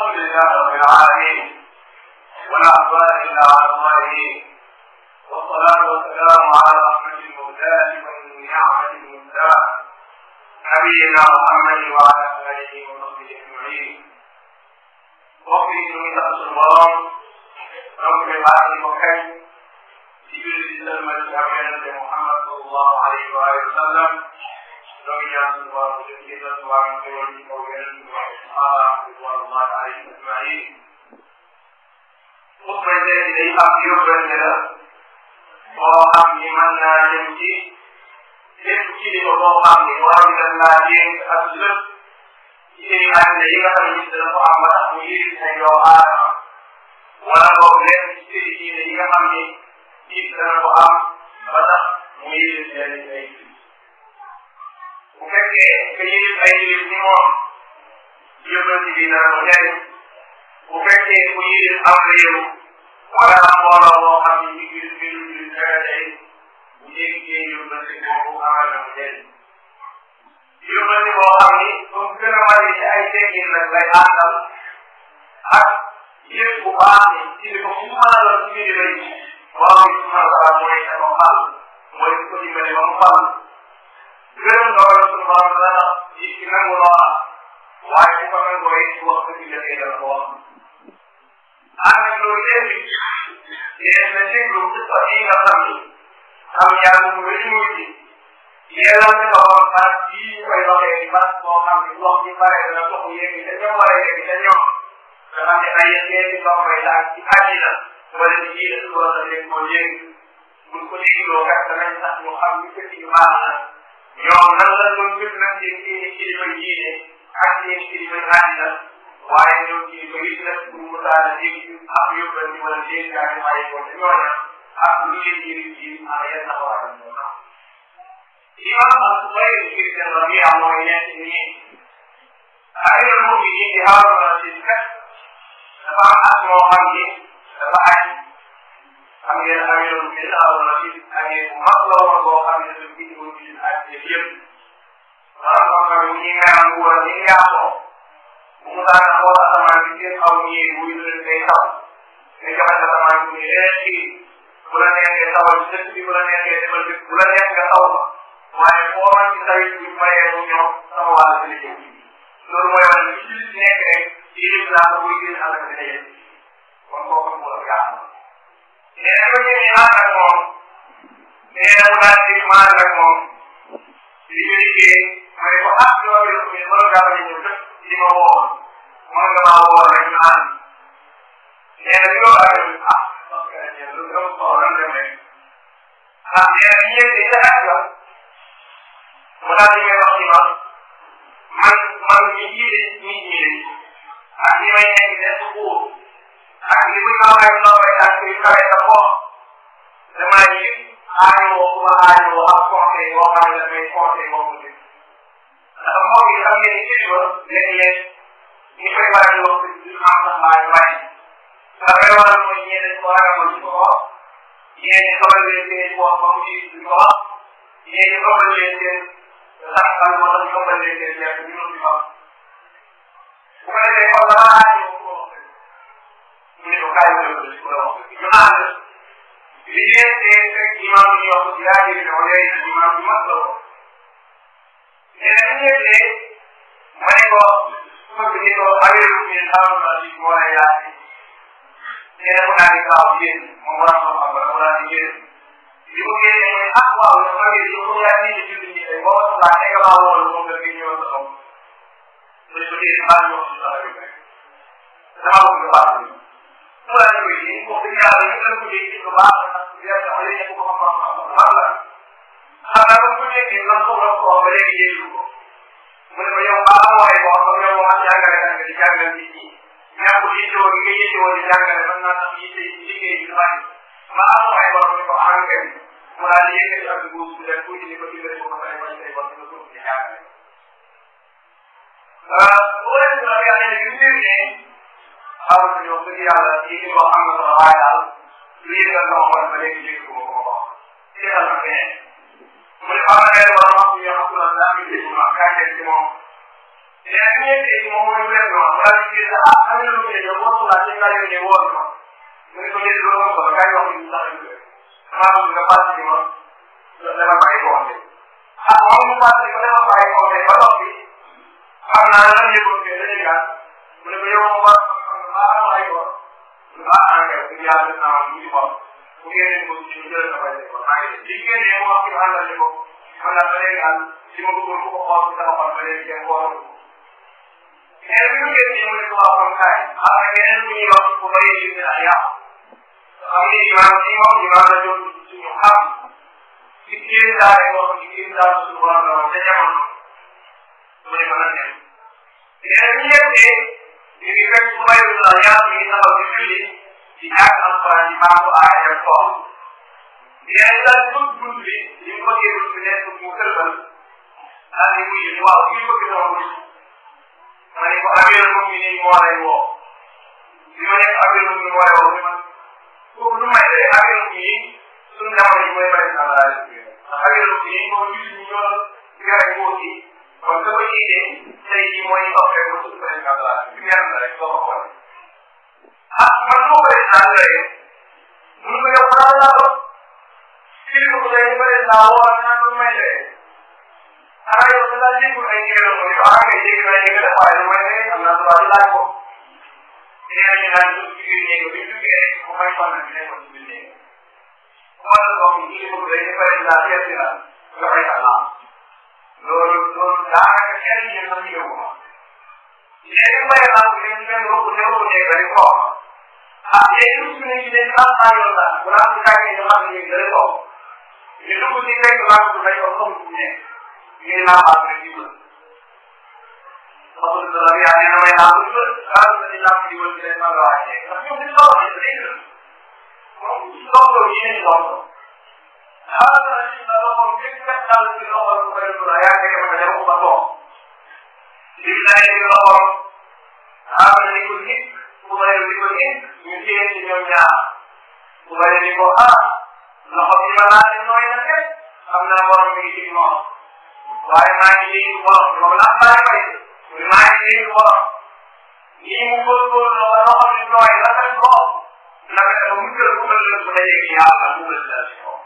الحمد لله رب العالمين ولا عدوان الا على الظالمين والصلاه والسلام على رحمه المهتدى وان نعمه المهتدى نبينا محمد وعلى اله وصحبه اجمعين وفي من الصبران رب العالمين وكيف في جزء سلمى الشعبان محمد صلى الله عليه واله وسلم ñoo ngi ñaan suñu borom di leen gëstoo suñu waay ñu ngi koy wér suñu waay yi moo xam ni mën naa dem ci lépp ci li ko boo xam ni borom bi naa jéem ak lépp ci seen ànd yi nga xam ne dana ko am ba tax mu yëri sa yoo aadama wala boobu lépp ci seen diine yi nga xam ni nit dana ko am ba tax mu yëri sa ay bu fekkee dañuy ay yëf ci moom yëfal ci dina ko jëriñ bu fekkee ku yëf am réew wala mbooloo boo xam ne ñu ngi mbiru ñu dara day bu jéggee yëfal ci boobu amal na ko jëriñ yëfal ci boo xam ni comme gën a mari ci ay teggin nag lay àndal ak yëf bu baax ni ci li ko fu mu mën a doon ci biir rëy borom bi subhanahu wa taala mooy dafa fal mooy ko dimbale ba mu fal gërëm loola suñu borom dana gis ci nangu loola waaye bu ko nangoo it waxtu bi la dana ko wax ànd ak loolu lépp yéen na déglu xisa yi nga xam ni xam yàlla mu rëy muy ji yéeral ci borom baat yii ñu koy waxee baat boo xam ni wax ji pare dana tox yéegi te ñoom war a yéegi te ñoom nga xam ne ay yeeeti ndoxoy laaj ci àddina wala ni yii la suba sa léegi moo yéegi buñ ko dégloo kat danañ sax ñu xam ni fekk ñu baax na ñoom nan la doon jëflante ci seeni kilifa diine ak seeni kilifa àddina waaye ñoom kilifa yi nag bu mu daal dégg ak yóbbante wala dégg ak bàyyi ko ci ñooña ak lu leen jëriñ ci am yan taxawaay la ñu am. imam al-Zubayr ibn Rabi'a mooy nekk nii amirul mu'minin di Haaruna Rasiid kat dafa am moo xam ni dafa añ xam ngeen avion bi taxaw na ci avion bu mag la woon boo xam ne dafa gis woon ci ak yëpp maanaam xam nga ñi nga am wala ñi nga amoo bu mu daan xool asamaan bi seen xaw ñi wuy leen day taw nga joxe asamaan bi ñu leen ci bu la neexee tawal ci dëkk bi bu la neexee demal dëkk bu la neex nga taw ma waaye boo man ci tawit bu mayee mu ñëw sama wàll ci liggéey bi loolu mooy wane ni ci nekk rek ci lislaam buy gën àll bi daje kon kooku mu la yaatu nee na ñu ñaan ak moom nee na mu daal di maan ak moom li ñu liggéey ma ne ko ah loolu yëpp mais mënul daal di ñëw dëkk di ma woo mën nga maa woo rek ñu ànd nee na li nga wax rek ah loolu dama ko war a demee ah nee na ñu yëg ca ak la mu daal di may wax ci ma man man mi jiite nit ñi ak li may nekk def ko ak li muy kaw ay noobay ak li kawe sa bopp damaa yëg aay woo ku ma aay woo ak conseil boo xam ne damay conseil boobu nit ndax mbokk yi xam ngeen ni kilifa léeg-léeg ñu koy waaj a wax ci xam sax maa ngi wàññi la koy waral mooy ñenn ñi ko ragal ñu ko wax ñenn ñi xamal leen seen wax ba mu gis ñu ko wax ñenn ñi xamal leen seen sax xam moo tax ñu xamal leen seen yàgg ñu ko wax bu ko defee kon dama aay ne ko kaay ñu doon ko wax ñu ànd bi ngeen dee fekk imaam yi wax yaa ngi ne wala yaa ngi imaam bi mag la woon ñu ne ñu dee ma ne ko ma ko ne ko awee lu ngeen xaaru naa ci wala yaa ngi ñu ne ko naa di kaaw yéen ma war a xam wala wala di yéen li mu génnee mooy ah waaw dafa ngeen yow mu yaa ngi ci bind ñi tey boo ko laa nekk laa woon moom nga fi ñëw sa xom mu ne ko dee maa ngi wax ci sa rajo dama bëgg baax waaye yooyu yëpp wax dëgg yàlla yëpp la ko déggee lu baax la ndax biir taw yëpp ko xam xam xam xam la xanaa ba ko déggee lan ko doon ko wax ba léegi yéegu ko mu ne ma yow baax waaye boo xam yow wax jàngale nga di jàngal nit ñi ñàkk yitte woon nga yitte woon di jàngale mën naa tax yitte liggéey bi bàyyi ma am waaye boo xam ko àngal mu daal di yëkkati ak góob bi def tuuti ni ko dimbali ko ay bañ ay bon ko di jàngale bu ko defee nag yàlla yu mbir ne xam nga ñoom dëgg yàlla lii ñu wax am na solo waaye daal lii la sama xol ba léegi dégg ko ko wax tegal na fee mu ne xam nga war wax ñu wax la daa ñu dégg ma kaay leen ci moom mais ki ngeen dégg moom mooy wér na mu daal di la ah xam nga lu ñu ñëw mosu laa ci kaay ñu woon ma mu ne ko léegi loolu moom solo kaay wax ñu sax ñu gën xanaa lu nga fàtte ci ma dama bàyyi ko wax ah moom mu fàtte ko dama bàyyi ko wax ba noppi xam naa lan yëgoon fee dañu gàtt mu ne ko yow moom baaxalaay ko ñu baax engrais bu yàlla naa ñu ci bopp bu ngeen ko ñu jël na ko ko maa ngi li ngeen ne wax ci àndal ko man la ba léegi daal li ma bëggoon ku ko xool ci sama xol ba léegi kenn xoolal ko mais bu ñu ngeen ñu ne ko wax comme kaay xam na keneen bu ñuy wax bu bëree yi dina yàqu xam ni imaam ci moom imaam la jot suñu xam ci kii daal ay wax ci kii daal suñu borom la wax te jamono mu ne mën a dem mais bu ñu yegsee li ñu fekk su may wut nag yàlla ñu taxaw di julli di jàng alquran di baaxu aaya dem toog mais daal di bëgg bunt bi li mu bëggee bunt bi nekk mu tërbal daal di mujj ni waaw ñu bëgg sama bunt ma ne ko amee la mi nii moo lay woo li ma nekk amee la mi moo lay woo man kooku lu may dee amee la mi suñu jamono yi mooy bari sama laaj ndax amee la mi moom ñu ñu ñoo gërëm koo ci kon sama idée tey jii mooy toppee ko taala ci benn rek soo ko xoolee ah man nu ma koy sàngalee mu ne ko yow xanaa laa ko ci li ko tey ba leen laa woo naan lu may lee xanaa yow laa jéegul ay jigéen mu ne ko ah ngay jéegul ay jigéen dafa ay may lee am naa tubaab laaj ko nee nañu naan su jigéen ñee ko bi jugee ku may fan na dina ko ci biir néeg wala donc ñu li ko tey ba leen laa seet si la joxe alaam loolu loolu daanaka kenn yéen sax yëgu ma Neden bayağı üzerinden yol uzun olacak böyle bu. Abdestin sürecinde tam ayrılda, Kur'an tutarken yalan bilgileri bu. Yüzü bu zikre Kur'an tutmayı okum ne? Yine namazını gibi. Bakın kılavı yani namaya namazını, Kur'an tutmayı nam gibi bir zaman var. Bakın bu zor bir şey değil mi? Zor bir şey zor. هذا الذي نراه من كتاب الله ومن الآيات ومن الأمم lii daal di ko xool xaaral di ko nit bu ko def di ko nit ñu téye ci ñoom ñaar bu ko def di ko ah loxo bi ma laal di nooy na de xam naa borom mi ngi ci moom waaye maa ngi dégg borom moom laa maa ngi koy maa ngi dégg borom lii mu góorgóorlu ba loxo bi nooy la koy bopp naka la mu jël ku mel ne su ma yeggee yàlla mu mel ne si moom.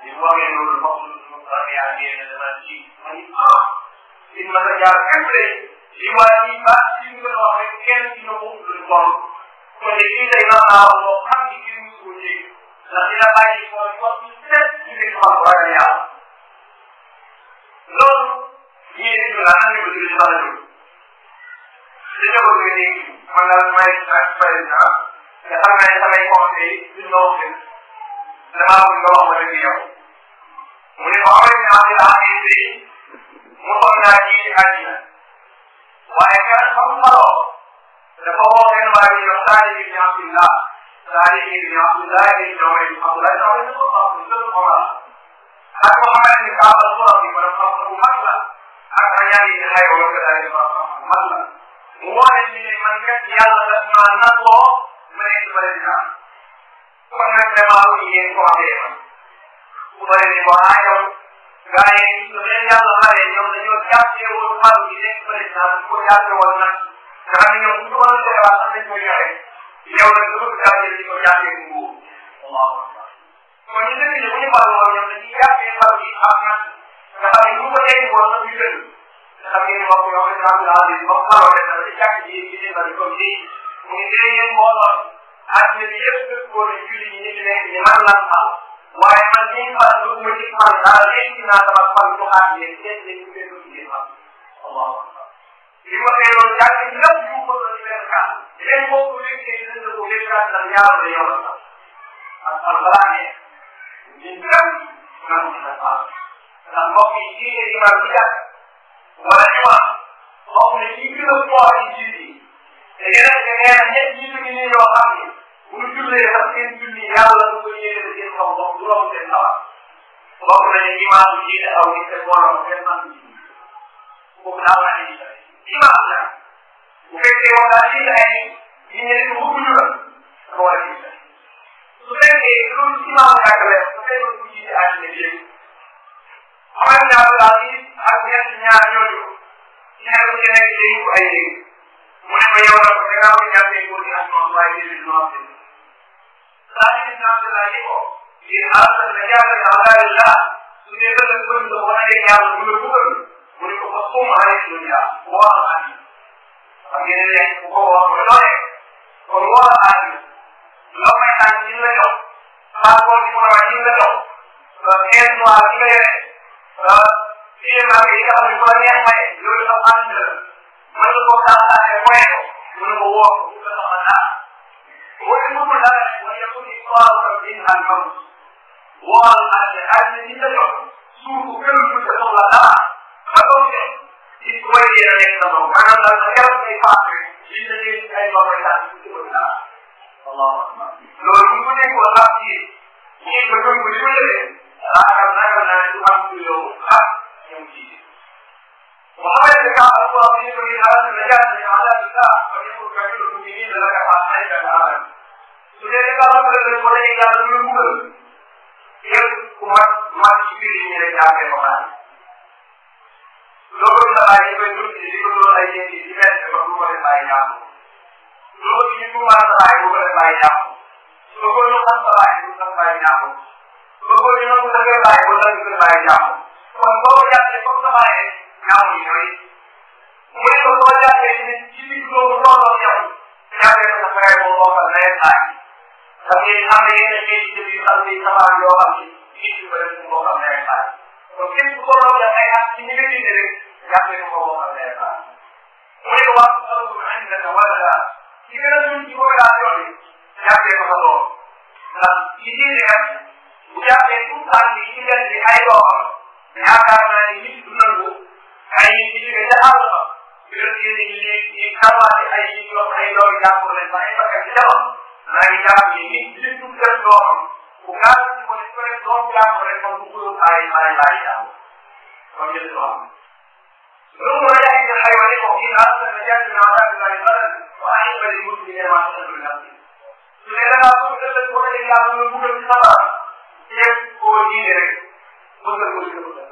di boobee loolu bopp lu mu xam yaa ngi yéen a demal ci ma ni ah. di mën a jaar kese di waa ji baax ci li nga wax rek kenn ci ñoom moom lu bon kon de lii day doon aaw loo xam ni kii mu suul ji ndax dina bàyyi ko di wax ñu teg ci li nga wax ragal yàlla loolu ñii nit ñu la andi ko ci li nga xam ne dañoo ko gën a man daal may ak par exemple nga xam ne samay conseil duñ la wax leen damaa bëgg nga wax ma rek yow mu ne ko xam ne ñaar ci laa mu xool naa ci àddina waaye kenn xamul faroo dafa woo seen waa yi yow saa yi di ñëw si laa saa yi di ñëw si laa yi di ñëw rek xam nga ñëw rek ko xam nga lu ko la ak ko xam ne kaaba su borom bi borom xam ma ñaan yi di xay wala ko daal di borom xam bu mag la mu woo leen ni man kat yàlla daf ma nangoo ma ne du bëri dina kon nag damaa ko yéen ko amee man bu ni ko ah gaa yi ñu leen yàlla xale ñoom dañoo jàppee woon xaru bi nekk président ko jàppee woon nag nga xam ne ñoom bu ñu war a joxe waat am nañ koy joxe yow nag loolu jàppee dañ ko jàppee bu nguur waaw kon ñu dëkk ne bu ñu xaru woon ñoom dañuy jàppee xaru bi ak nag nga xam ne bu ko tey woon nag ñu jël nga xam ngeen mbokk yoo xam ne xam naa ne ba mu xaroo rek dafa jàkk ji ci seen bari comme nii mu ngi dee ngeen mbooloon àddina bi yëpp dëkk woon julli ñi ñu nekk ni man lan xaal waaye man li ñu faral di mujj xol dara léegi ñu naan sama xol bu xaar leen léegi dañu koy doon ci ma waaw. li ma koy doon jàng lépp lu ko doon ci benn kaas léegi boo ko léegi dañu leen ko léegi kaas ndax ñaar la yow la ak xol balaa ngeen. ñun ñëpp ñoo ngi leen faal ndax mbokk yi ci ngeen imaam bi jàpp wala imaam mbokk na ci gën a fort ci jiit yi te yeneen te yeneen ñett jiitu gi nii yoo xam ni bu ñu jullee sax seen julli yàlla du ko yéene seen kaw bopp du romb seen xalaat bokk nañu imaam yi jiite aw nit seen borom seen man boobu daal laa indi imaam la bu fekkee wax naa jiite ay nit ñi ne ko ñu la dafa war a jiite su fekkee loolu imaam yàgg la su fekkee ku jiite ay nit léegi xam nga daal ak ñett ñaar ñooñu ñaar ku ci nekk day ko ay léegi mu ne ko yow nag da ngaa ko jàppee ko di ak noonu waaye déedéet noonu ثاني من نام دلائه في هذا النجاة على الله سنيبا لكم دوانا يجعل ملكوكم ولكفصهم على الدنيا وعلى الآخرة فمن الله هو ملائه وهو الآخرة لما كان جنة يوم فهو لمن جنة يوم فكان معاكمة يوم فإن أمريكا أمريكا يحيي يوم الأخرى من الوقت الآخر ويحيي من الوقت الآخر ويمر هذا ويكون إصابة منها الموت وعلى الحال يدعو سوق كل متطلبات فقوله It's way there next to the ground of the heavenly Father. Jesus is a lover that is to Allah. Allah. Lord, we would have loved you. We would have believed it. I have never learned to come to your heart. وقال لك عبد الله بن ابي هذا المجال على الكتاب kabiru mu'minin la ka faa ay dana alam su dee li nga xam ne la ko dañuy yàlla lu mbugal yéen ku ma ma ci biir yi ñu lay jàppee ba xaar loolu la bàyyi ba ñu ci li ko doon ay yéen di mel ba du ko leen bàyyi ñaamu loolu ñu ko mën a bàyyi bu ko leen bàyyi ñaamu su ko ñu xam sa bàyyi bu ko bàyyi ñaamu su ko ñu nangu sa bàyyi bu la ñu ko bàyyi ñaamu kon boo ko jàppee comme sa bàyyi ñaamu yi ñooy mu ne ko soo jàngee ci ci biir loolu tolloog yow jàngee ko sa boo bokkal nawet aay xam ngeen am na yenn xeeti jëf yu am ay xabaar yoo xam ne nit ñi ko def mu bokkal nawet aay kon képp ku tolloog yow ay at ci ni nga dindi rek jàngee ko ko bokkal nawet aay mu ne ko wax ëmb indi na wala daal ci gën a suñ ci population bi jàngee ko sa lool ndax li ñuy def bu jàppee tout temps yi ci benn bi ay doomam yaakaar naa ne nit du nangu ay nit ci gën a àll ba yéen ñi ñu ngi ñu xamaate ay nit ñoo xam ay loolu jàppoo leen ba ay bakkan ci defoon lay jàpp yi nit li ñu def loo xam bu gaaw ci ko def rek doom jàpp rek comme bu gulum ay ay ay jàpp kon ñu ci doom ثم يأتي الحيوان في أرض مجال من أعراض الله البلد وأحب للمسلم ما تشهد الأرض léegi da ngaa bëgg ëllëg boo xam ne yàlla na bëggal ci sa baar yéen koo diine rek bëggal ko ci sa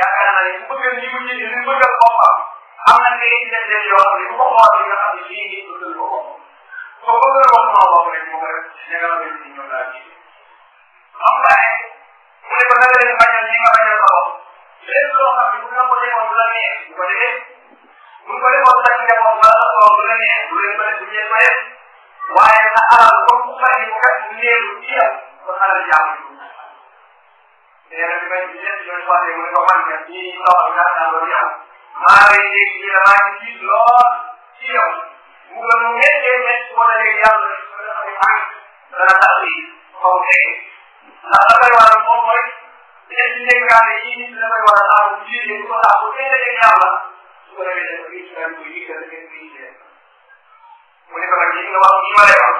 yaakaar naa ne bu bëgg li mu li mu bëggal boppam am na ngay indee yoo xam ne bu ko xoolee nga xam ne lii nii bëggal ko boppam soo bëggal wax sama bopp rek moom rek si nga xam ne nii ñoom laa gisee. xam nga ne bu dee ba nga leen bañal li nga bañal sa bopp lépp loo xam ne bu nga ko defoon du la neex bu ko defee bu ko defoon sa njaboot ba la soxla du la neex du leen mën a du ñeent ko def waaye sa alal comme bu xale bu kat néew ci yow kon alal jaamu nee na bi may ñetti yoon waxee mu ne ko man kat nii lool kat naa doon yow maa ngi dégg ñu ne maa ngi gis lool ci yow mu gën a méttee métti wala léegi yàlla su ko defee maa ngi dana tax lii xaw ma fekkee ndax la koy waral moom mooy dañ ci dénkaane yi nit la koy waral am bu jiitee ko tax bu fekkee yàlla su ko defee dafa gis dañ koy yëgal dañ koy yëgal mu ne ko nag yi nga wax yi ma lay wax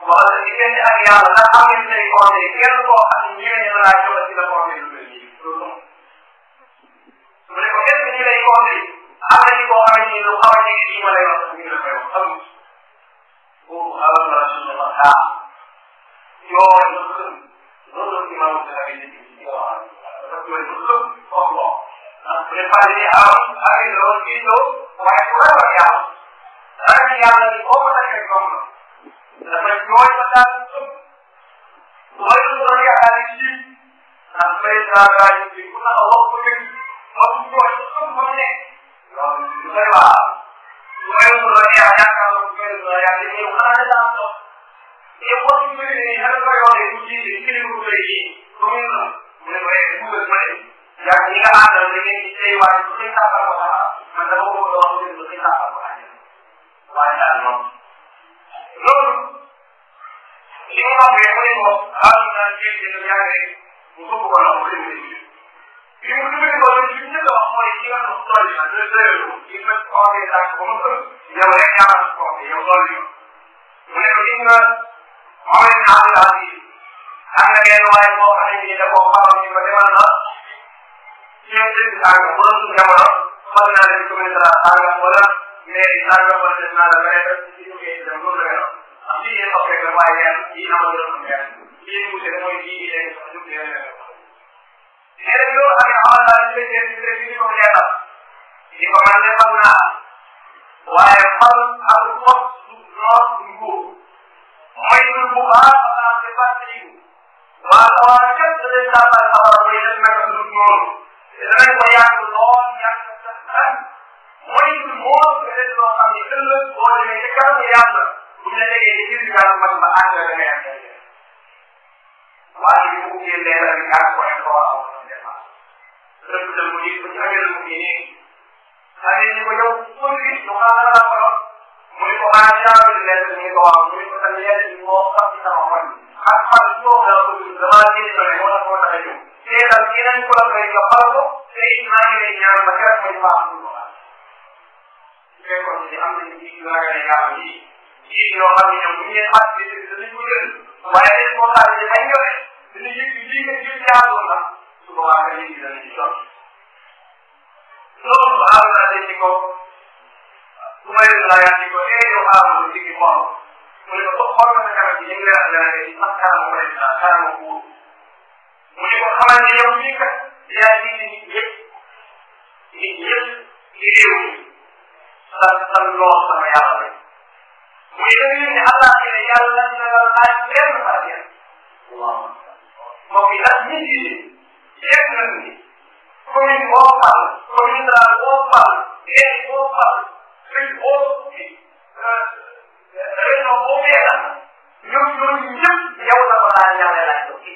wala diggante ak yàlla ndax am ngeen tey conseil kenn koo xam ne ñeme na laa joxe ci la conseil lu mel nii loolu moom su ma ne ko kenn ñi lay conseil am na ci koo xam ne lu xaw a jege lii ma lay wax ñu ngi la koy wax amul boobu xalal la suñ la wax daa yoo ñu xëm loolu la imam sahabi ne ci ko wax dafa koy lu xëm wax loo ndax bu ne fàlle ni am ak loolu gindoo waaye ku la wax yàlla dara yàlla ni boo ko takkee comme dafa ñooy ba daal di tëb mooy lu doon yaakaar ni ci naan président gars yi bi mun na la wax ba dëgg moom ñu ñooy ba tëb ba nekk donc lu koy waar lu koy lu doon yaa yaakaar lu koy lu doon yaa ne yow xanaa ne daa toog mais boo ci bëri nii xel ko yoone ñu ci ci li mu bëri nii lu muy noonu mu ne ko yegg mu ne ko yegg yaa ngi nga àndal da ngeen di tey waaye bu ñu tàmbal ko daan dégg ñoom ñaari rek mu bëgg ko am xëy na ji. li mu duggee ko li ñu njëkk a wax mooy ñi nga xam ne tool yi la dina doyal ko ci ma xookee daal ko mu tënk yow rek yaa la ko yow tool yi mu ne ko gis nga moom lañ xam daal yi am na benn waaye boo xam ne nii da koo xamal ni ko demal na ceeb dëgg sàng bu doon suñu jamono mën naa leen commune de la sàngam wala mais di sàngam wala des naa la nga def ci suñu kii dem noonu la nga def am lii yéen ok la waaye yéen yii amal doon benn lii mu tëdd mooy lii di leen sax ñu léegi loolu xam ne xamal naa ne léegi leen léegi ñu ko leeral di ko man de xam naa waaye xam ak mos du noor du nguur mooy lu bu baax xam naa ne baax na yiw waa xawaar kenn da leen tàmbali xabaar mooy leen naka du noonu danañ ko yàgg lool yàgg sax tan mooy lu moom nga leen loo xam ne ëllëg boo demee ca kanam yàlla bu ñu la tegee ci biir yàlla man ma ànd la da ngay àndal waaye ñu ubbee leeral bi ak point trois au dépense dëkk dëkk yi ba ci amee dëkk yi nii xale ñu ko yow kon li ñu xaaral laa ko yor mu ne ko xaaral yaa ngi leer ñu ko waaw mu ne ko tam leer ñu moo xam ci sama xol ak xam ci moom laa ko dund damaa dee doole moo tax moo tax a ñëw teetal keneen ku la koy joxal ko te it maa ngi lay ñaan ba keroog muy baax mu ko xaar su fekkoon ne am nañu ci ragale yàlla yi ci yoo xam ne ñoom bu ñu leen fàttali dëgg danañ ko jël waaye dañ ko xaar ne bañ joxe dina yëg lii nga jël jaaroon na su boobaa nga yëg dana ci jot loolu Arouna dañ ni ko Umayr laayaan ni ko eh yow Arouna di ki xool mu ne ko xool na sa kanam bi ñu ngi lay leeral yi ak kanamu président kanamu buur mu ne ko xamal ne yow mii kat yaa ngi ni nit yëpp nit yëpp ci réew mi san san lool sama yàlla rek mu ne ni àllaa ne yàlla na la laaj benn fàtte waaw mbokk yi ndax ñun ñu ngi seet nañu ni commune boo xam commune daal boo xam réew boo xam dëkk boo ci région boo feebar ñoom ñooñu ñëpp yow la ko laaj yàlla laaj ko ci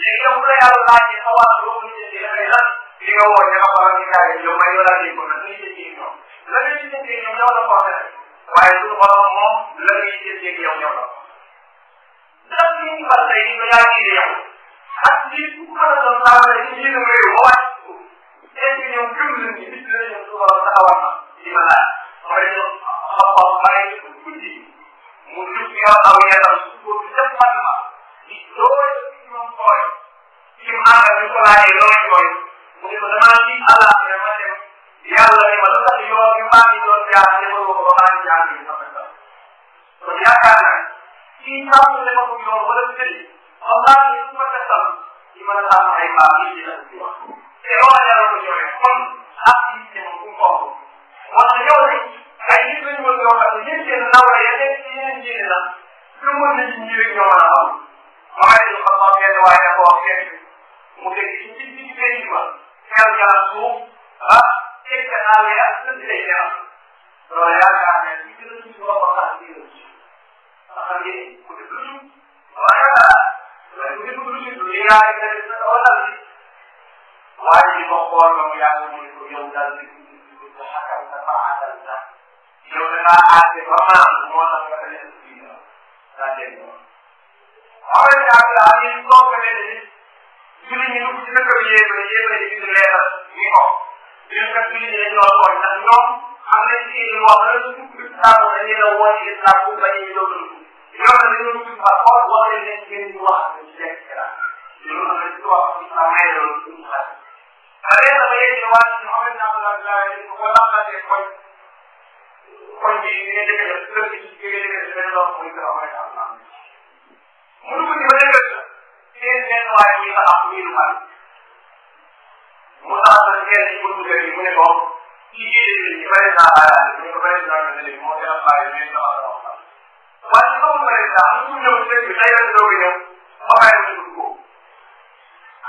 léegi yow bu la yàlla laajee sa wàll loo mën a jëndee lan li nga woo ña nga war a ñu kaay yow may yow laajee ko nag ñu jëndee ñoom la nga ci jëndee ñoom yow la ko waxee waaye suñu borom moom la ngay jëndee yow yow la ko ndax ñu ngi fàttali ñu ko yaa ngi yow ak lii bu ko mën a doon saa rek yéen a réew ba wàcc ko tey jii ñoom gëm nañ ni bis la ñoom suba la taxawal na di ma laaj wala ñoom xaw bàyyi ko guddi mu jub ñu war aw yaram su ko du def man ma di doole ñoom tooy ci mu ànd ak ñu ko laajee looy tooy mu ne ko damaa ci àllaa ma dem yàlla ne ma la tax yoon bi maa ngi doon jaar defal ko ba maa ngi jaar bi sama kon yaakaar naa kii tàmm ne ma ko yoon wala sëriñ xam naa ne bu ma testal ci mën a xam ay baat yi dina ko wax te loolu la yàlla ko joxe kon ak yi ci moom bu mu toog moo tax yow de ay nit lañu woon yoo xam ne yéen seen naw la yéen nekk yeneen diine la lu mën na ci ñi rek ñoo mën a xam ma xay lu xam naa benn waaye dafa wax fekk mu dégg ci ci ci béy bi ma xel yàlla suuf ah teg ka naaw yi ak sënd lay yaram loolu yaakaar ne li gën a suñu bopp xam naa dina ci xam ngeen ku def lu waaye léegi lu dul li nga xam ne dafa dal di waaye li ma xool moom yàlla mooy ko yow dal di ko ko xakal sa baaxal sa yow da ngaa aase ba maam moo tax nga leen fii la daa dégg ma. xamal ni ak laa ñu toog ne ni julli ñu dugg ci dëkk bi yéebale yéebale ci leeral ñu ko ñun kat julli ñu dañu doon tooñ ndax ñoom am nañ ci wax la su dugg ci taamu dañu la woote islam bu bañ a ñëw ñoo xam ne dañoo mujj ba xool wax nañ leen ngeen di wax ci lekk ci la ñoo xam ne di wax ci sa may loolu ci mu xel xale la ba yéen waa ci xam ne naa la la ko ko làmbalee koñ koñ bi ngeen dëkk la kër bi ci ngeen dëkk la benn loxo muy sa wax rek am naa mënu ko ci ba dëkk la seen benn waaye muy la am muy lu mal mu tax la kenn ci buntu kër yi mu ne ko ci yéen ci bari naa aaraale mu ne ko bari naa ko ne moo gën a bàyyi mais dama la wax waaye li ma mën a am ñu ñëw ci bi tey rek doo ko ñëw ba pare ñu dugg ko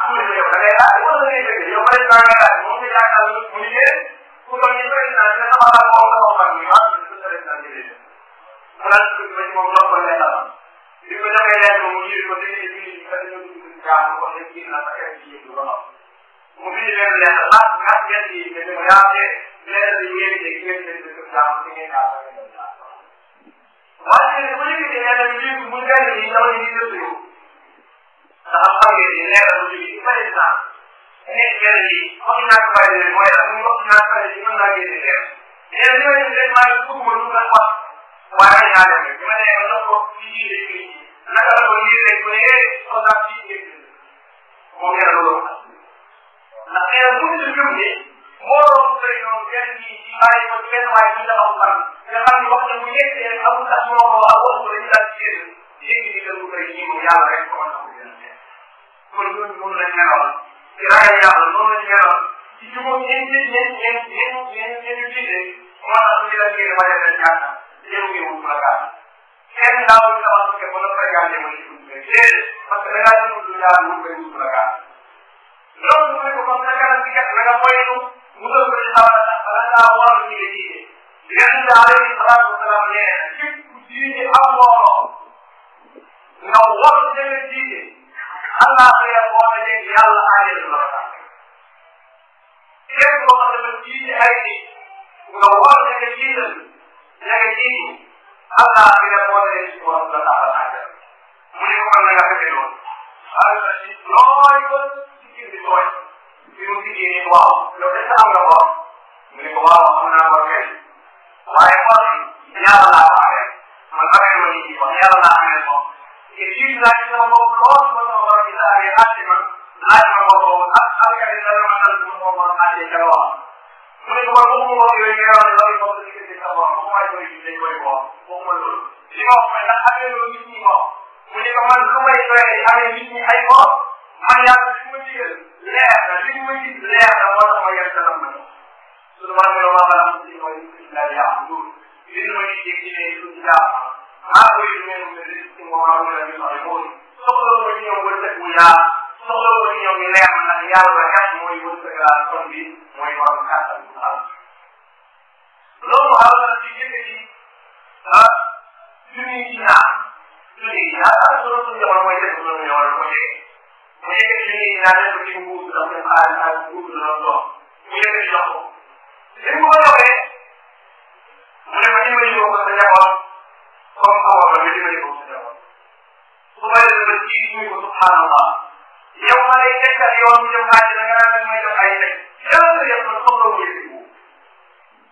am na yow da ngay laaj wala da ngay jóge yow pare nga nga laaj moom nga yaakaar ni mu liggéey ku doon ñu bëri naa dina sama laaj moom sama man mi maa ngi tudd rek naa ci léegi mu laaj ko ci moom loolu ko lay laaj li ko defee laaj moom ñu ko dañuy ñu ñu ko dañoo dugg ci jaam ko ne kii na ak ci yëpp ba nopp mu fi leen leer laaj nga ñett yi nga dem yaa ngi leer yi ngeen dégg ngeen dégg ko jaam ci ngeen yaa maa ngi leen bu yëkkatee yàlla bi dégg bu njëkk yi ndaw yi di dëgg ndax xam ngeen ni leeral lu jóge ci président nekk benn bi wax ñàkk bàyyi leen mooy ak ñu wax ñàkk bàyyi ci mën naa génne leer léegi li ma leen def maa ngi bëgg ma lu nga wax waaye ay ñaar lañu bi ma nee ma ko ci jiite ci naka la ko lii rek bu ne eh contact ci njëkk moom ngeen loolu ndax xëy na bu ñu gëm ne mbooloo mu bëri noonu benn bi bàyyi ko ci benn waay bi nga am xaram nga xam ne wax ne bu yegsee rek amul sax su ma ko wax wax dañu daal di jël dégg ni gën bu bëri ñi moom yàlla rek ko tax mu gën kon ñooñu moom lañ meroon ci ragal yàlla noonu lañ meroon ci jubóo ñeen ñeen ñeen ñeen ñeen ñeen ñeen ñu jiite maanaam ñu la génne wala dañ ñaata léegi ñu wut la gaana kenn daaw ñu taxaw ñu ko la présenté ma ci dund rek déedéet parce que da ngaa ñu dund yàlla moom koy wut la gaana loolu mooy ko comme sa kanam bi kat da nga moytu musal ko ci sawara ndax bala ngaa war a ñu diine yonent bi alayhi salaatu wa salaam nee na képp ku diine am mbooloo nga war seen diine allah xëy na boo dajee yàlla aajal la ko képp koo xam ne dafa diine ay nit nga war na nga jiital na nga jiitu allah xëy na boo dajee si borom la tax la aajal mu ne ko man na nga fekke loolu. alhamdulilah looy ba si kii bi tooy. bi mu liggéey nii waaw loolu est-ce que am nga ko mu ne ko waaw am naa ko kay waaye xool yàlla laa ko amee man amee ma nit ñi kon yàlla laa amee moom te jiitu naa ci sama bopp lool ba sama borom bi sa amee laaj ma laaj ma ko boobu ak alkali dana ma dal sama bopp ma àndee ca loo mu ne ko man bu mu wax yooyu nga wax ne loolu moom la diggante sa bopp bu may koy gis dañ koy boo boobu ma loolu li ma wax mooy ndax amee loolu nit ñi ko mu ne ko man lu may doyee amee nit ñi ay bopp man yàlla li ma digal leer na li ma gis leer na moo tax ma yàlla dara ma ñëw suñu man mënoo waa balaa mu si mooy la yaa loolu li ñu ma gisee ci ne lu ci daa maa koy lu mel ne li ci moom la mën a gis ay mooy soxla ma ñëw ba teg bu yaa soxla ma ñëw ñu leer na yàlla kat mooy ba teg laa son bi mooy war kàttan bu xaal loolu xaal na ci jënd ci ah suñuy ñaan suñuy ñaan ah suñu suñu jamono mooy def suñu ñëwal mooy bu njëkk bi liggéey naa def ko ci mbuus ndax dem xaalis xaalis mbuus bi noonu toog mu njëkk bi jox ko li mu ko joxee mu ne ma dimbali ko sa njaboot comme xawoon la nga dimbali ko sa njaboot su ma def ba ci ñu ko subhanallah yow ma lay tegtal yoon bi jëm xaalis da nga naan dañ may jox ay teg yow nga def man soxla wu yëg ko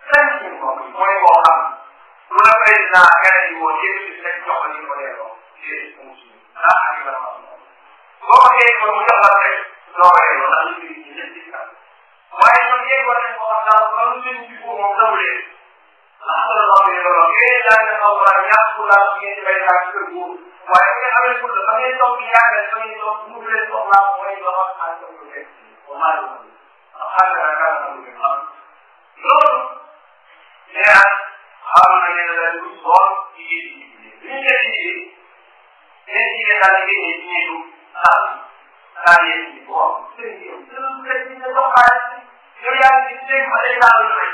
sant ñu ko mooy koo xam lu la président nga ne ñu woon yëg ci rek jox la ñu ko delloo déedéet mu ci ndax ak la ma boo ko xëyee ba mu jox la rek doo ko yow ndax ñu ngi ñu ngi waaye ñoom ñooy war nañ ko wax daal ba lu ñu ci ko moom daw leen ndax la loo xam ne loolu ngeen jàng xaw ma ñaar bu laal su ngeen di bay daal kër bu waaye bu ngeen amee pour ba ngeen toog di yàgg rek ngeen toog mu ngi leen soxla mooy loo xam ne ko lu nekk ba maa ngi ko xam ne daa kaa lu ngeen xam loolu nee naa xam na ngeen la lu bool jigéen ñi ñu ngeen jigéen ngeen jigéen daal jigéen ñi ñu xaal yi xaal yi ci bopp sëriñ bi yow dina ko def dina ko xaalis bi yow yaa ngi dégg ma day laaw ñu may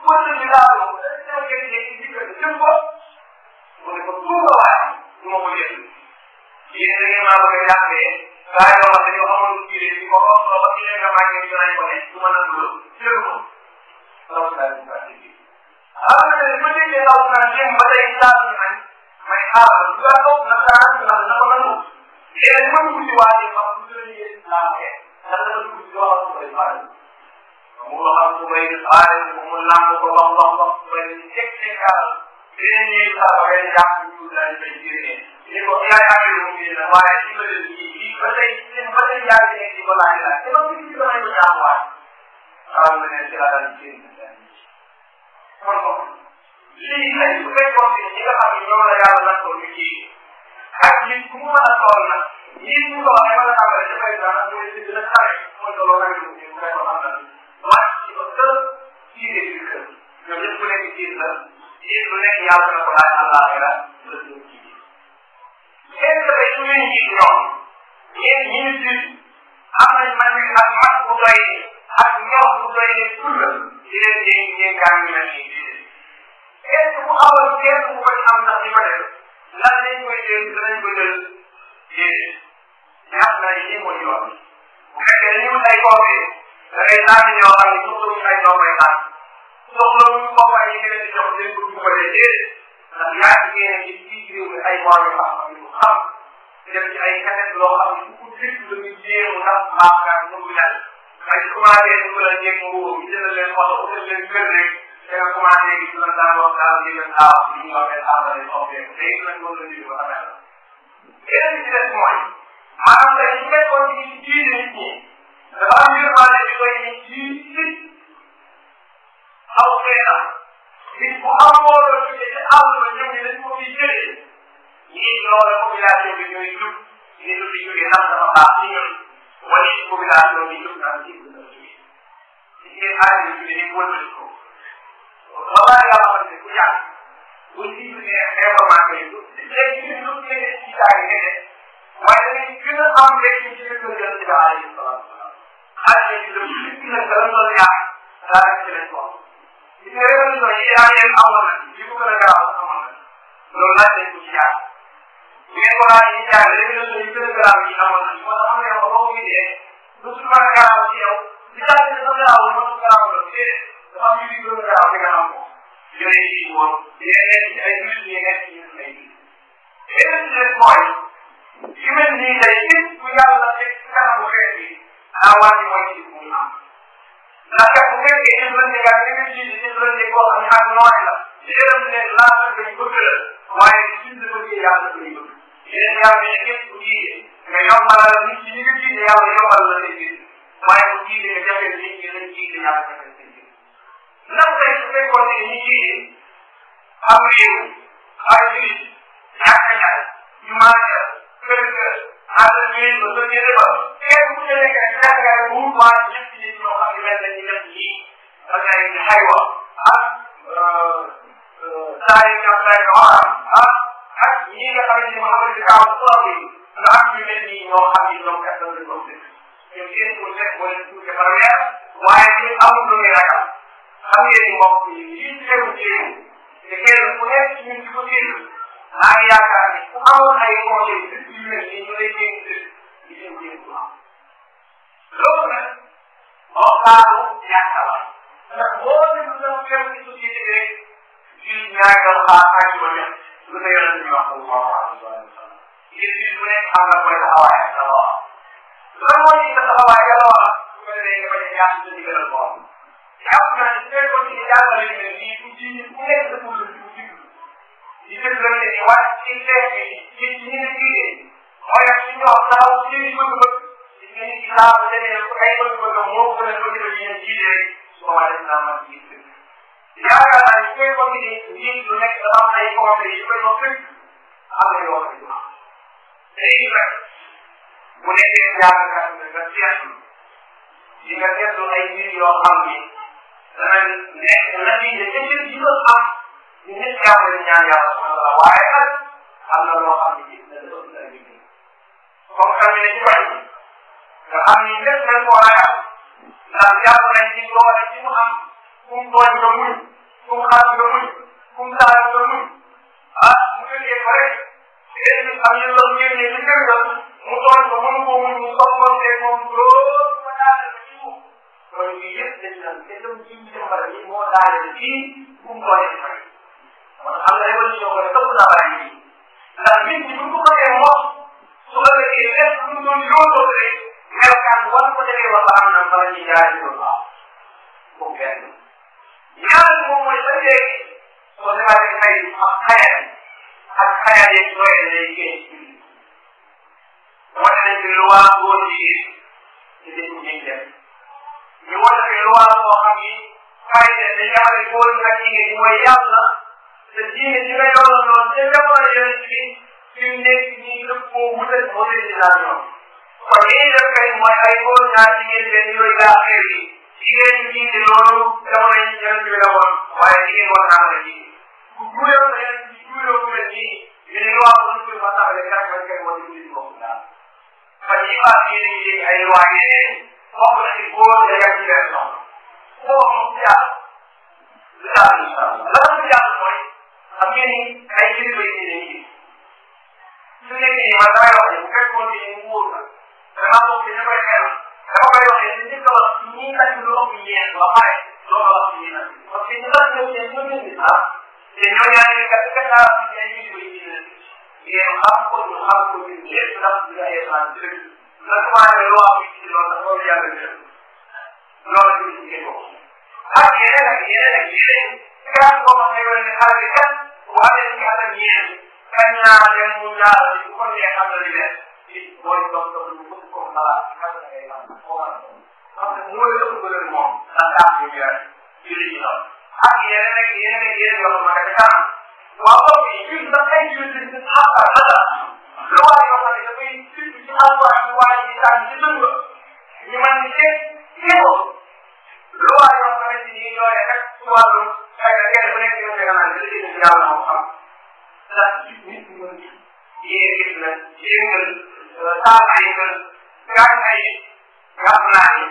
bu ko déglu laaw yow da nga ko dégg ci dikkal jëm ko mu ne ko tuuba waaye du ma ko dégg yéen da ngeen maa bëgg a jàppee waaye loo xam ne yow amoon lu jiwee ci bopp loo xam ne yéen nga màggee ñu naan ko ne du ma nangu loolu jëlu ko loolu daal di baax ci am na ne bu déggee laaw naa jëm ba tey laaw ñu may may xaaral lu baax na xaaral ñu xam ne na ko nangu léegi nag ñu mën a ba mu jëlee islam rek dana la dugg ci loxo su koy faral mu waxal su koy faral mu nangu ko wax wax wax su koy teg teg alal dinañ ñëw sax ba ngay jàpp ñu daal di koy génne ni ko yaay affaire yi mu génne waaye li nga leen di di ba tey ba tey yaa ngi nekk di ko laaj laaj te ba mu gis dama ñu jaamuwaat xaral nga ne ci laa daal di génn kon kon lii tey bu fekkoon ne ñi nga xam ne ñoom la yàlla nangoo ñu kii ak nit ku mu mën a toll nag nit mu ko waxee wala xamal ci président nag mooy li gën a xare mooy loolu rek ñu ngi koy ko xamal wàcc ci ba kër tiire ci kër ñoom ñëpp ku nekk tiir la tiir lu nekk yàlla na ko laaj àllaa la la ñu ci seen kër su ngeen jiit ñoom ñeen ministre am nañ man ak mat bu doy ni ak ñoom bu doy ni fulla di leen ngeen ngeen gàngi na ci est ce que bu xaw a kenn bu ko am ndax di ko def lan lañ koy jël danañ ko jël déedéet ñaar lay lii mooy yoon bu fekkee dañu wut ay koom yi da ngay tànn ñoo xam ne soxlawuñ ay ñoo koy tànn soxlawuñ koom ay yi leen di jox leen ko dugalee déedéet ndax yaa ngi génne ci fii ci réew mi ay mois yu xam yu xam dem ci ay kaset loo xam ne ku lépp la ñu jéem ndax maakaar ñu ngi mel ay commencé ñu la jéem nguur bi jënd leen wala utal leen kër rek te nga commencé gis lan daal wax daal li ngeen aaw li ñuy wax ngeen aaw dañuy xaw a béy léegi nag mën na dindi ba xamee la. beneen bi ci des mooy maanaam tey su fekkoon ci diine nit ñi dafa am yërmande ci koy nit ci ci aw xeena nit bu am mbooloo ci ci aw la ñëw ñu dañ ko fi jëlee ñii loolu population bi ñooy jub ñi du fi jógee ndax dafa baax ci ñun wala population bi jub ndax ci ci ay ñu ni wëlbati ko ba pare nga xamante ne bu yàgg bu ñu jublee information yi léegi ñun ñun ñu ngi ci saa yi nga def waaye da ngay gën a am léegi ci biir kër yàlla ci ba alayhi salaatu salaam xale yi ñu dem lépp nag dara doon yàq daal ci lañ ko gis nga révolution yi yaa yéen amoon na li ko gën a gaaw amoon na loolu laaj lañ ko ci yàq bu ngeen ko laaj yi jaar révolution yi gën a gaaw yi amoon na moo tax am na yow boo ko gisee lu su mën a gaaw ci yow li tax ne dafa gaaw lu mën a gaaw la déedéet dafa am lu ñu gën a gaaw nga am ko yooyu yi ñu woon ci ay mbir yi nekk ci ñun lay gis. yeneen ci des mooy yu mel nii day gis bu yàlla teg ci kanamu xeet bi ah waa ji mooy ci bu am ndax kat bu fekkee ñun lan nga gàtt nga ji ñun lan nga koo xam ne ak noonu la yéen ne laata ngay bëgg la waaye suñ la bëggee yàlla ngay bëgg yéen yàlla ne képp bu jiite nga yombalal nit ñi nga jiite yàlla yombal la lay gis waaye bu jiite nga jafe nit ñi lañ jiite yàlla jafe lan tey su fekkoon ne ñu jiite am réew ay julit ñàkk ñàkk ñu maaja kër kër àll leen ba sa jële ba kenn ku ca nekk ak jàngaay bu maa ñëpp ci nit ñoo xam ne mel nañu mel ni dangay xaywa ak saa yi nga xam ne wax ak ak ñi nga xam ne moom la ci kaw tubaab yi nga am ñu mel ni ñoo xam ne ñoom kat dañ leen doon def ñoom seen pour nekk moo leen tuur ca par weer waaye ñu amul lu muy ragal xam ngeen ni mbokk yi lii tegu jéem te kenn ku nekk ci ñun di ko dégg maa ngi yaakaar ne ku amoon ay conseils yu yu mel nii ñu lay dégg dëgg di seen jéem bu am loolu nag moo xaaru ñàkka la ndax boo déglu sama kenn ci société bi rek ci ñaagal xaar xaar ko def lu ko yore ñu wax ko wax yéen ñi mu nekk xam nga mooy taxawaay ak la wax lan moo ci sa taxawaay ak la wax su ko defee nga bañ a ñaax sa ndigalal borom xam nga ni su fekkoon ni jàppale ni lii ku ci ku nekk sa pour lu ci di def la ne di wàcc ci xeex bi ci ñi ne liggéey mooy ak suñu wax taxaw ci li bëgg bëgg di nga ni ci laaw leneen ku ay bëgg bëgg moo ko gën a bëgg la yéen jiite rek su ko waxee dina mën ci dëgg yaakaar naa ni su fekkoon ni nit lu nekk dafa am ay conseil yu koy wax fekk am na yoo xam ne léegi nag bu nekkee yaakaar naa ne nga seetlu di nga seetlu ay mbir yoo xam ni danañ nekk danañ ne dëgg yi doon am ñu nit yàlla ñu ñaan yàlla subhanahu wa waaye nag am na loo xam ne ji dina doon dina liggéey comme xam ne ci wàllu nga xam ni lépp dañ ko ragal ndax jàpp nañ ci doole ci mu am ku mu tooñ nga muñ ku mu xaar nga muñ ku mu taal nga muñ ah mu fekkee ba rek léegi am ñu doon ñëw ne li gën mu tooñ ko mënu ko muñ mu soppanteeg moom lool mooy lii yëpp dañ naan te itam ci jëmbale yi moo daal di fii bu mu boolee fay kon xam nga révolution boobu dafa la bàyyi nii ndax nit ñi bu ñu ko bëggee moom su ko bëggee lépp lu mu doon yóbboo rek melokaan war ko defee war ba am na bala ñuy jaay lu baax boobu benn ñaar moom mooy ba léegi soo defaatee xëy ak xayat ak xayat yeeg sooy day génn moo tax dañ fi loi boo jigéen te dañ ko jënd ñu wane fi lu waral boo xam ni fayda li nga xam ne góor nag jigéen ñi mooy yàlla te jigéen ñi nga yoroon noonu te jamono yonent bi fi mu nekk nii dëpp koo wutal modernisation kon li ñuy def kay mooy ay góor ñaar jigéen benn yooyu gaa affaire yi jigéen ñi jiite loolu jamono yi yonent bi la woon waaye jigéen war naa mën a jiite ku juuyoo sa yonent bi juuyoo ku mel nii ñu ne waa kon kuy ma taxale kàcc kàcc moo di jullit boobu daal fan yii paas yi dañuy ay waa yeneen moom la ci góor ya yàgg ci benn noonu boobu moom yàlla lu tax la mu yàlla mooy xam ngeen ni ay kilifa yi dañuy gis su nekkee nii man damay wax ne bu fekkoon ne mu wóor la vraiment boobu dañu koy xel dafa koy wax ne nit ka wax ñii nag lu ëpp ñeent ba pare loolu la wax ñii nag parce que ñu lan ñoo ñeen ñoo ñeen gis ah te ñoo ñaar yi kat kat laa ñu ay kilifa yi ñu leen ngeen xam ko ñu xam ko ñu yëpp ndax ñu ay échange dëgg ndax su ma amee loo am ci loolu ndax loolu yàlla gën loolu ci ci ngeen bokk ak yeneen ak yeneen ak yeneen grâce boo xam ne yow ne xale bi kat bu amee suñu at ak yéen kañ naa leen mu ñaar li bu ko nee xam na li leen li mooy dox dox lu bëgg ko xalaat xam na ngay xam foo xam parce que moo la ëpp leen moom ndax daa fi weer ci li ñu doon ak yeneen ak yeneen ak yeneen yoo xam ne dafa waaw kooku yi ñun sax ay jullit ñu xaar xaar lu waay yoo xam ne dafay surtout ci alquran bi waaye di tànn ci dund ñu mën di seet teewoo lu waay yoo xamante ni ñoo ne rek ci wàllu xëy na kenn ku nekk ci nga naan li ci yàlla moo xam ndax nit ñi mën yéen gis na yéngal taal ay gën gaañ ay gàpp naa yi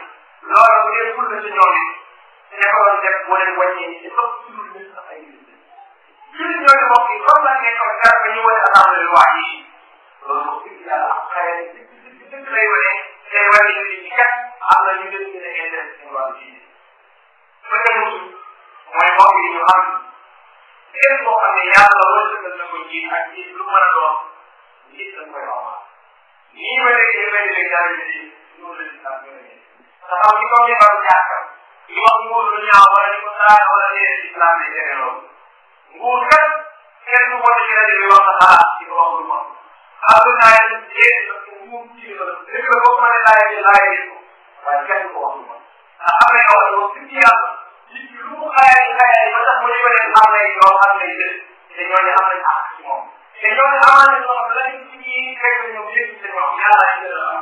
loolu bu dee ful na ci ñoom ne ko doon def boo leen wàññee ci ëpp ci lu ñu ay jullit ñooñu mbokk yi comme la nekkoon garab ñu wële assemblée waa yi ñu xam kenn koo xam ne yàlla wërsëgal na ko ji ak ji lu mën a doon gis dañ koy waxal nii ma déggee may dégg jaay bi noonu la ñu tàmm yore te xam ni comme ni ba ñàkkam ñu wax nguur lu ñaaw wala ñu ko saay wala léegi islam lay tere loolu nguur kat kenn du ko ci rajo bi wax sa xalaat ci ko wax lu wax xaaral naa yéen yéen parce que nguur ci la dëgg la boo ko mënee laajee laajee ko waaye kenn du ko wax lu wax ah, ndax xam ne yow da nga ko fi yàlla nit ki lu mu xaay xaay ba tax mu ne ko leen am nañ loo xam ne dëgg te ñooñu am nañ àq ci moom te ñooñu amal nañ loo xam lañ ci ñi fekk ñoom lépp ci ñoom yàlla ci la am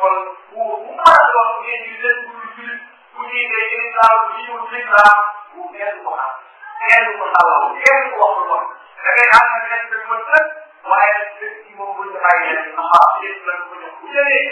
kon bu bu mën a doon ngeen di leen bu julit bu diine yéen daal bu jiwu lislaam bu kenn ko xam kenn ko xalaw kenn ko wax ko da ngay am na kenn ko mën waaye dëkk ci moom bu ñu bàyyi leen xam yépp la ko jox bu jëlee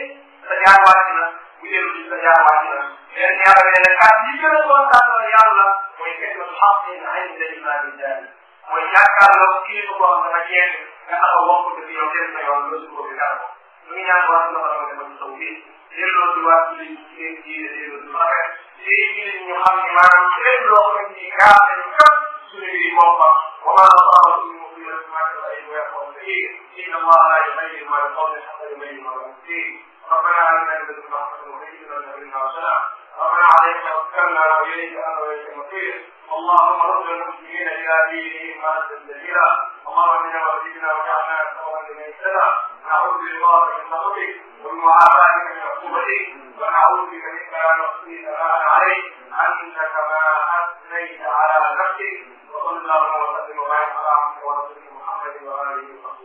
sa jaar wàcc na bu jëlu sa jaar wàcc na leen ñaanal ne nag ak li gën a kontaanoo yàlla mooy fekk xam ne na ay ndey maa ngi daal mooy jàkkaarloo kilifa boo xam dafa jeex nga taxaw wax ko dëgg yow kenn sa yoon loo si boobu dara ko ñu ngi ñaan waa suñu xarala dem ak taw bi delloo si waa ci seen diine delloo si rafet léegi ñu ne ñu xam ne maanaam lépp loo xam ne gaal nañu kat suñu mbiri boppam wa maa la faa wax ñu mu yàlla maa ngi lay weer xaw ma dégg inna allah ay may yu ma la xaw ne sax ay may yu ma la dégg ربنا آتنا في الدنيا حسنة وفي الآخرة حسنة وقنا عذاب النار ربنا عليك توكلنا واليك انويت المصير اللهم رد المسلمين الى دينهم ردا جميلا اللهم انا وزدنا وجعلنا قوما لمن اهتدى نعوذ برضاك من سخطك وبمعافاتك من عقوبتك ونعوذ بك منك لا نحصي ثناء عليك انت كما اثنيت على نفسك وصلى اللهم وسلم وبارك على عبدك ورسولك محمد واله وصحبه